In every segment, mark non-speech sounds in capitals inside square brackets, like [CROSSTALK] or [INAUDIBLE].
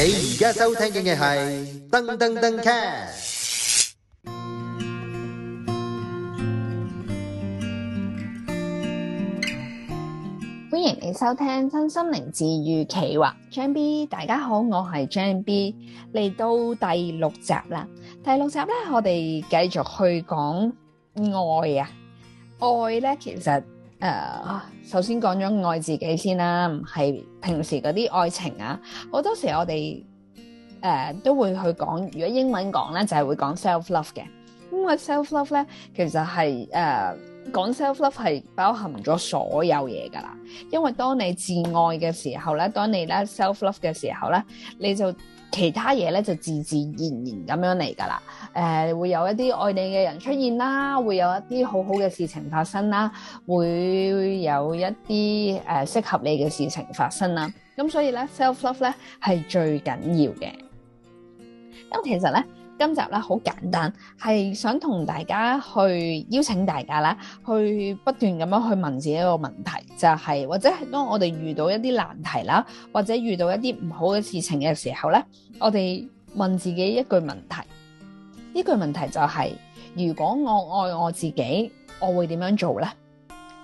你而家收聽嘅係噔噔噔 cast，歡迎你收聽《真心靈治愈企劃》。張 B，大家好，我係張 B，嚟到第六集啦。第六集咧，我哋繼續去講愛啊，愛咧其實。誒，uh, 首先講咗愛自己先啦、啊，係平時嗰啲愛情啊，好多時我哋誒、uh, 都會去講，如果英文講咧就係、是、會講 self love 嘅，因為 self love 咧其實係誒講 self love 係包含咗所有嘢㗎喇，因為當你自愛嘅時候咧，當你咧 self love 嘅時候咧，你就其他嘢咧就自自然然咁樣嚟㗎喇。誒、呃、會有一啲愛你嘅人出現啦，會有一啲好好嘅事情發生啦，會有一啲誒、呃、適合你嘅事情發生啦。咁所以咧，self love 咧係最緊要嘅。咁其實咧，今集咧好簡單，係想同大家去邀請大家咧去不斷咁樣去問自己一個問題，就係、是、或者係當我哋遇到一啲難題啦，或者遇到一啲唔好嘅事情嘅時候咧，我哋問自己一句問題。呢句問題就係，如果我愛我自己，我會點樣做呢？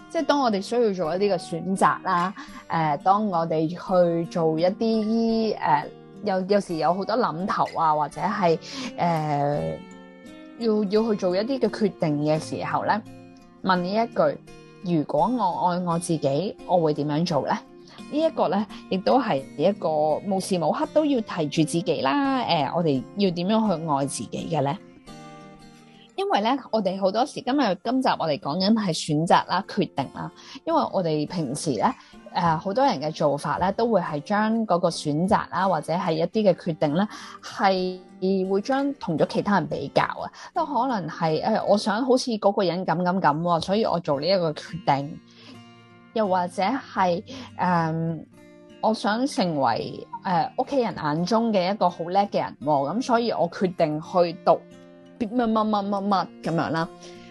即係當我哋需要做一啲嘅選擇啦，誒，當我哋去做一啲誒，有有時有好多諗頭啊，或者係誒，要要去做一啲嘅決定嘅時候呢，問你一句：如果我愛我自己，我會點樣做呢？呢一個咧，亦都係一個無時無刻都要提住自己啦。誒、呃，我哋要點樣去愛自己嘅咧？因為咧，我哋好多時今日今集我哋講緊係選擇啦、決定啦。因為我哋平時咧，誒、呃，好多人嘅做法咧，都會係將嗰個選擇啦，或者係一啲嘅決定咧，係會將同咗其他人比較啊。都可能係誒、呃，我想好似嗰個人咁咁咁喎，所以我做呢一個決定。又或者係誒、嗯，我想成為誒屋企人眼中嘅一個好叻嘅人喎，哦。咁、嗯、所以我決定去讀乜乜乜乜乜咁樣啦。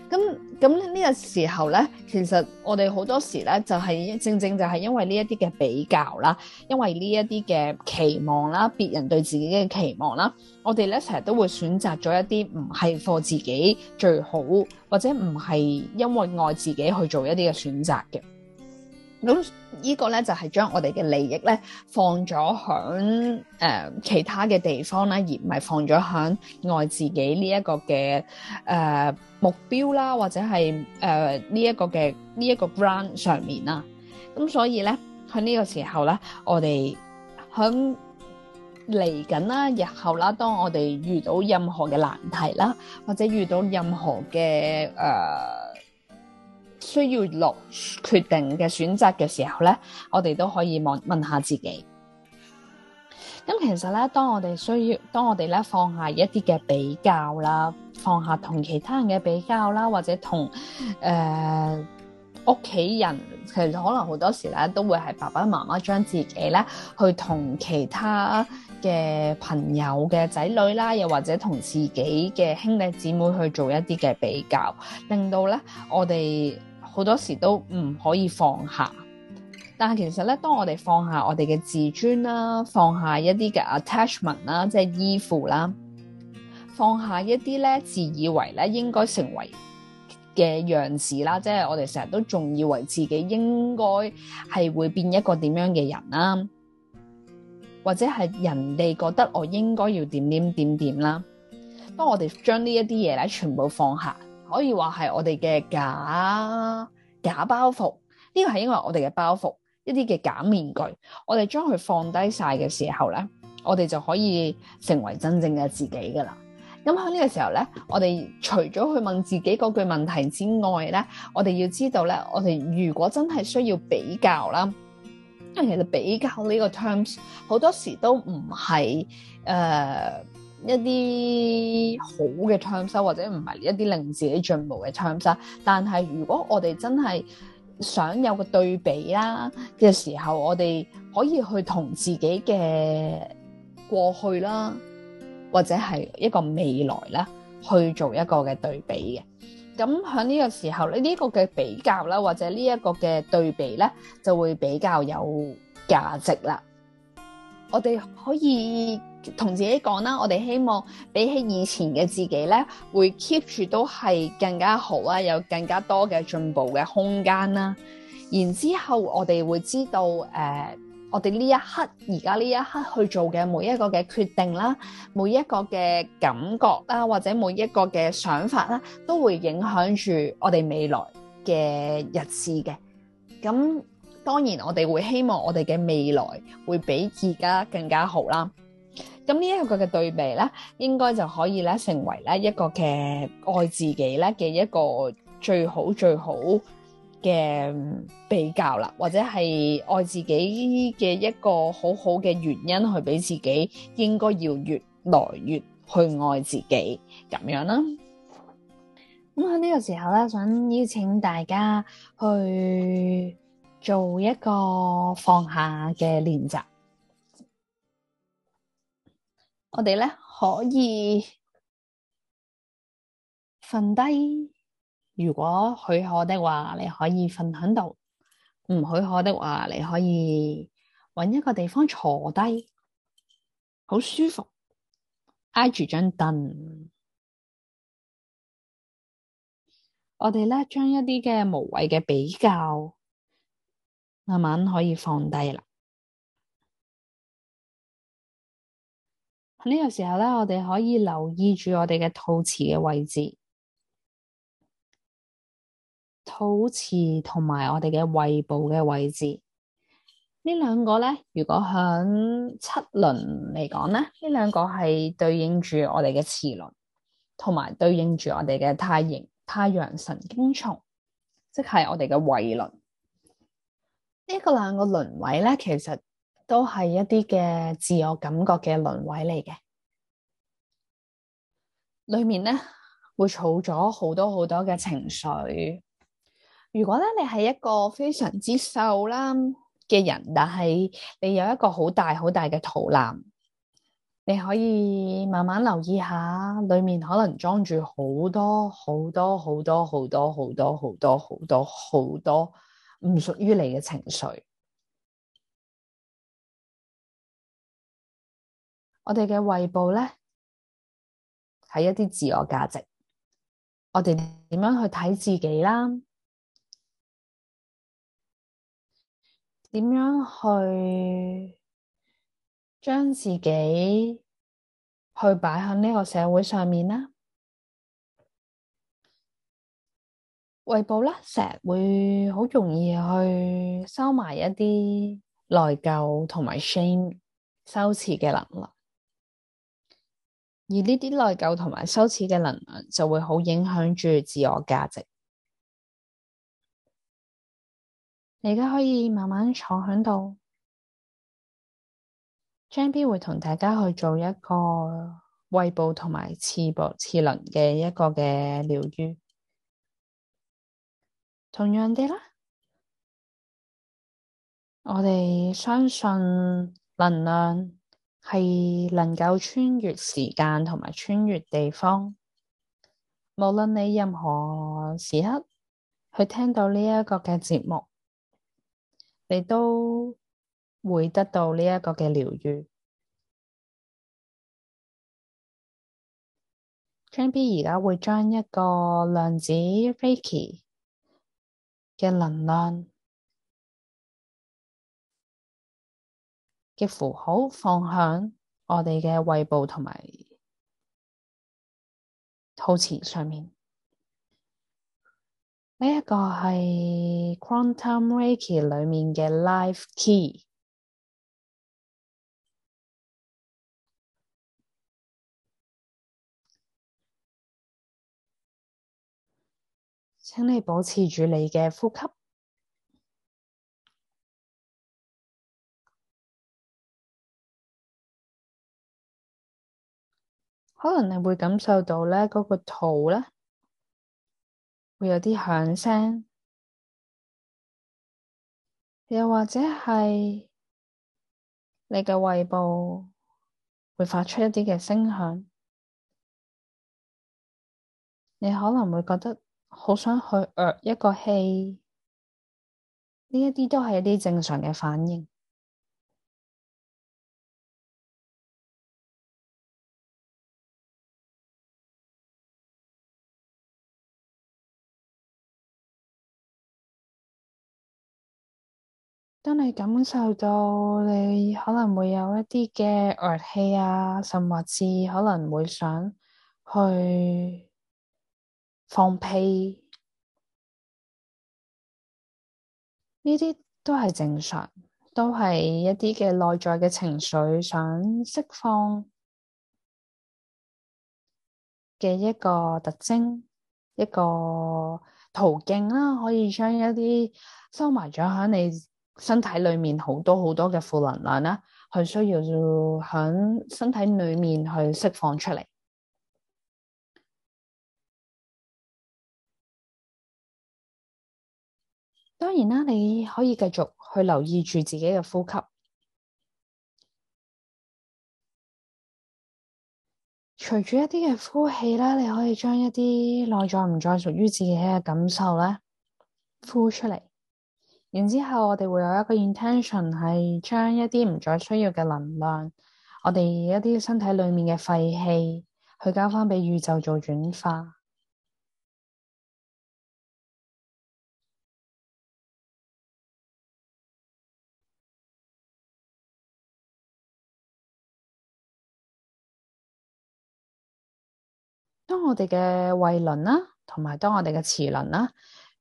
咁咁呢呢個時候咧，其實我哋好多時咧就係、是、正正就係因為呢一啲嘅比較啦，因為呢一啲嘅期望啦，別人對自己嘅期望啦，我哋咧成日都會選擇咗一啲唔係 for 自己最好，或者唔係因為愛自己去做一啲嘅選擇嘅。咁呢個咧就係、是、將我哋嘅利益咧放咗響誒其他嘅地方啦，而唔係放咗響愛自己呢一個嘅誒、呃、目標啦，或者係誒呢一個嘅呢一個 ground 上面啦。咁所以咧喺呢個時候咧，我哋響嚟緊啦，日後啦，當我哋遇到任何嘅難題啦，或者遇到任何嘅誒、呃需要落決定嘅選擇嘅時候咧，我哋都可以問問下自己。咁其實咧，當我哋需要，當我哋咧放下一啲嘅比較啦，放下同其他人嘅比較啦，或者同誒屋企人，其實可能好多時咧都會係爸爸媽媽將自己咧去同其他嘅朋友嘅仔女啦，又或者同自己嘅兄弟姊妹去做一啲嘅比較，令到咧我哋。好多時都唔可以放下，但係其實咧，當我哋放下我哋嘅自尊啦，放下一啲嘅 attachment 啦，即係依附啦，放下一啲咧自以為咧應該成為嘅樣子啦，即係我哋成日都仲以為自己應該係會變一個點樣嘅人啦，或者係人哋覺得我應該要點點點點啦，當我哋將呢一啲嘢咧全部放下，可以話係我哋嘅假假包袱，呢個係因為我哋嘅包袱一啲嘅假面具，我哋將佢放低晒嘅時候咧，我哋就可以成為真正嘅自己㗎喇。咁喺呢個時候咧，我哋除咗去問自己嗰句問題之外咧，我哋要知道咧，我哋如果真係需要比較啦，因為其實比較呢個 terms 好多時都唔係誒。呃一啲好嘅唱收或者唔係一啲令自己進步嘅唱收，但係如果我哋真係想有個對比啦嘅時候，我哋可以去同自己嘅過去啦，或者係一個未來咧去做一個嘅對比嘅。咁響呢個時候，呢、這、呢個嘅比較啦，或者呢一個嘅對比咧，就會比較有價值啦。我哋可以。同自己講啦，我哋希望比起以前嘅自己咧，會 keep 住都係更加好啦，有更加多嘅進步嘅空間啦。然之後我哋會知道，誒、呃，我哋呢一刻而家呢一刻去做嘅每一個嘅決定啦，每一個嘅感覺啦，或者每一個嘅想法啦，都會影響住我哋未來嘅日子嘅。咁當然我哋會希望我哋嘅未來會比而家更加好啦。咁呢一個嘅對比咧，應該就可以咧成為咧一個嘅愛自己咧嘅一個最好最好嘅比較啦，或者係愛自己嘅一個好好嘅原因，去俾自己應該要越來越去愛自己咁樣啦。咁喺呢個時候咧，想邀請大家去做一個放下嘅練習。我哋咧可以瞓低，如果許可的話，你可以瞓喺度；唔許可的話，你可以搵一個地方坐低，好舒服，挨住張凳。我哋咧將一啲嘅無謂嘅比較，慢慢可以放低啦。呢個時候咧，我哋可以留意住我哋嘅肚臍嘅位置，肚臍同埋我哋嘅胃部嘅位置。呢兩個咧，如果響七輪嚟講咧，呢兩個係對應住我哋嘅臍輪，同埋對應住我哋嘅太陽太陽神經叢，即係我哋嘅胃輪。呢、這個兩個輪位咧，其實。都係一啲嘅自我感覺嘅輪位嚟嘅，裏面咧會儲咗好多好多嘅情緒。如果咧你係一個非常之瘦啦嘅人，但係你有一個好大好大嘅肚腩，你可以慢慢留意下，裏面可能裝住好多好多好多好多好多好多好多好多唔屬於你嘅情緒。我哋嘅胃部咧，係一啲自我價值。我哋點樣去睇自己啦？點樣去將自己去擺喺呢個社會上面咧？胃部咧成日會好容易去收埋一啲內疚同埋 shame 羞恥嘅能力。而呢啲內疚同埋羞恥嘅能量就會好影響住自我價值。你而家可以慢慢坐喺度，J B 會同大家去做一個胃部同埋次部次輪嘅一個嘅療癒。同樣啲啦，我哋相信能量。係能夠穿越時間同埋穿越地方，無論你任何時刻去聽到呢一個嘅節目，你都會得到呢一個嘅療愈。Can [MUSIC] B 而家會將一個量子 Reiki 嘅能量。似乎好放響我哋嘅胃部同埋肚臍上面。呢、這、一個係 Quantum Reiki 裏面嘅 Life Key，請你保持住你嘅呼吸。可能你會感受到咧，嗰、那個肚咧會有啲響聲，又或者係你嘅胃部會發出一啲嘅聲響，你可能會覺得好想去呃一個氣，呢一啲都係一啲正常嘅反應。當你感受到你可能會有一啲嘅惡氣啊、甚至可能會想去放屁，呢啲都係正常，都係一啲嘅內在嘅情緒想釋放嘅一個特徵，一個途徑啦、啊，可以將一啲收埋咗喺你。身體裏面好多好多嘅負能量啦，呢係需要響身體裏面去釋放出嚟。當然啦，你可以繼續去留意住自己嘅呼吸，隨住一啲嘅呼氣啦，你可以將一啲內在唔再屬於自己嘅感受呢呼出嚟。然之後，我哋會有一個 intention，係將一啲唔再需要嘅能量，我哋一啲身體裏面嘅廢氣，去交翻畀宇宙做轉化。當我哋嘅胃輪啦，同埋當我哋嘅臍輪啦。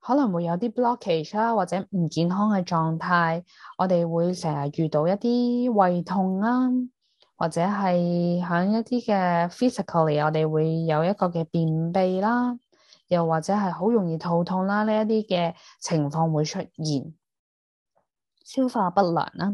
可能會有啲 blockage 啦，或者唔健康嘅狀態，我哋會成日遇到一啲胃痛啦，或者係響一啲嘅 physically，我哋會有一個嘅便秘啦，又或者係好容易肚痛啦，呢一啲嘅情況會出現消化不良啦，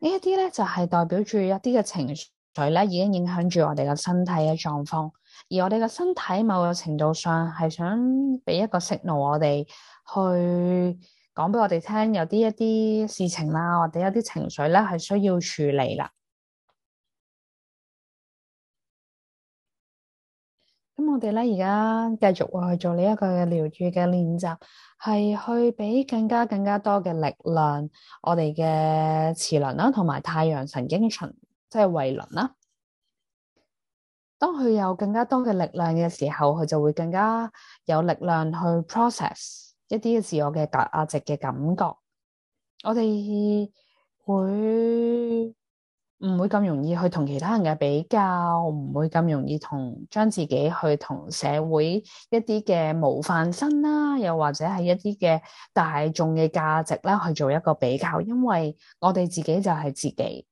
呢一啲咧就係代表住一啲嘅情緒。水咧，已經影響住我哋嘅身體嘅狀況，而我哋嘅身體某個程度上係想俾一個訊號我哋去講俾我哋聽，有啲一啲事情啦，或者一啲情緒咧係需要處理啦。咁我哋咧而家繼續去做呢一個嘅療癒嘅練習，係去俾更加更加多嘅力量我哋嘅磁輪啦，同埋太陽神經群。即係胃輪啦，當佢有更加多嘅力量嘅時候，佢就會更加有力量去 process 一啲嘅自我嘅價值嘅感覺。我哋會唔會咁容易去同其他人嘅比較？唔會咁容易同將自己去同社會一啲嘅模範生啦，又或者係一啲嘅大眾嘅價值啦去做一個比較，因為我哋自己就係自己。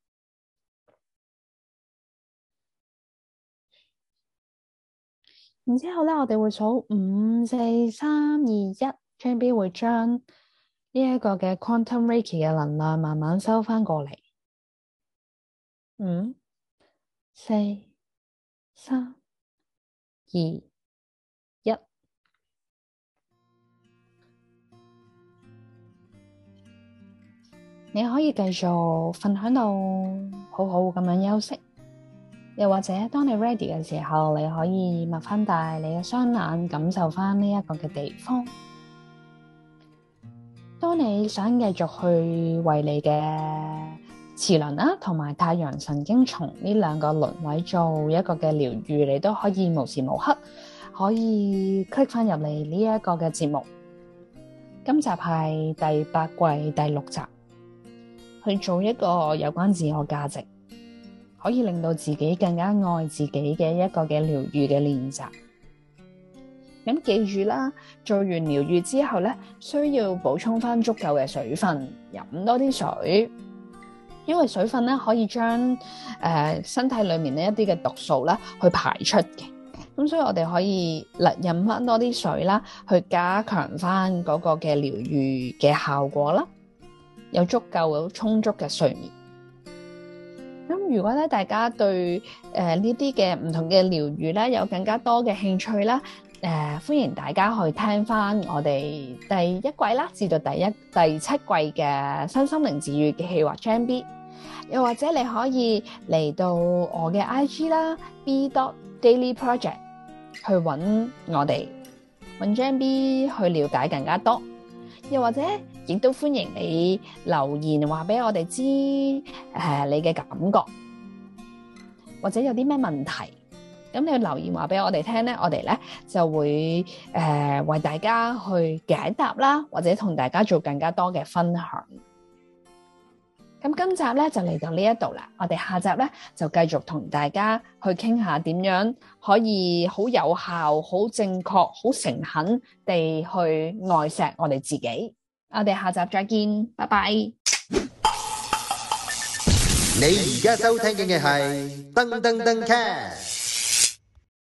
然之後咧，我哋會數五、四、三、二、一，將會將呢一個嘅 Quantum Reiki 嘅能量慢慢收翻過嚟。五、四、三、二、一，你可以繼續瞓喺度，好好咁樣休息。又或者，當你 ready 嘅時候，你可以擘翻大你嘅雙眼，感受翻呢一個嘅地方。當你想繼續去為你嘅臍輪啦，同埋太陽神經叢呢兩個輪位做一個嘅療癒，你都可以無時無刻可以 click 翻入嚟呢一個嘅節目。今集係第八季第六集，去做一個有關自我價值可以令到自己更加愛自己嘅一個嘅療愈嘅練習。咁記住啦，做完療愈之後咧，需要補充翻足夠嘅水分，飲多啲水，因為水分咧可以將誒、呃、身體裏面呢一啲嘅毒素啦去排出嘅。咁所以我哋可以嗱飲翻多啲水啦，去加強翻嗰個嘅療愈嘅效果啦。有足夠有充足嘅睡眠。咁如果咧，大家對誒呢啲嘅唔同嘅療愈咧，有更加多嘅興趣啦，誒、呃、歡迎大家去聽翻我哋第一季啦，至到第一第七季嘅身心靈治愈嘅計劃 JMB，又或者你可以嚟到我嘅 IG 啦，B dot daily project 去揾我哋揾 JMB 去了解更加多，又或者。亦都歡迎你留言話俾我哋知，誒、呃、你嘅感覺，或者有啲咩問題，咁你留言話俾我哋聽咧，我哋咧就會誒、呃、為大家去解答啦，或者同大家做更加多嘅分享。咁今集咧就嚟到呢一度啦，我哋下集咧就繼續同大家去傾下點樣可以好有效、好正確、好誠懇地去愛錫我哋自己。我哋下集再見，拜拜。你而家收聽緊嘅係《噔噔噔卡》。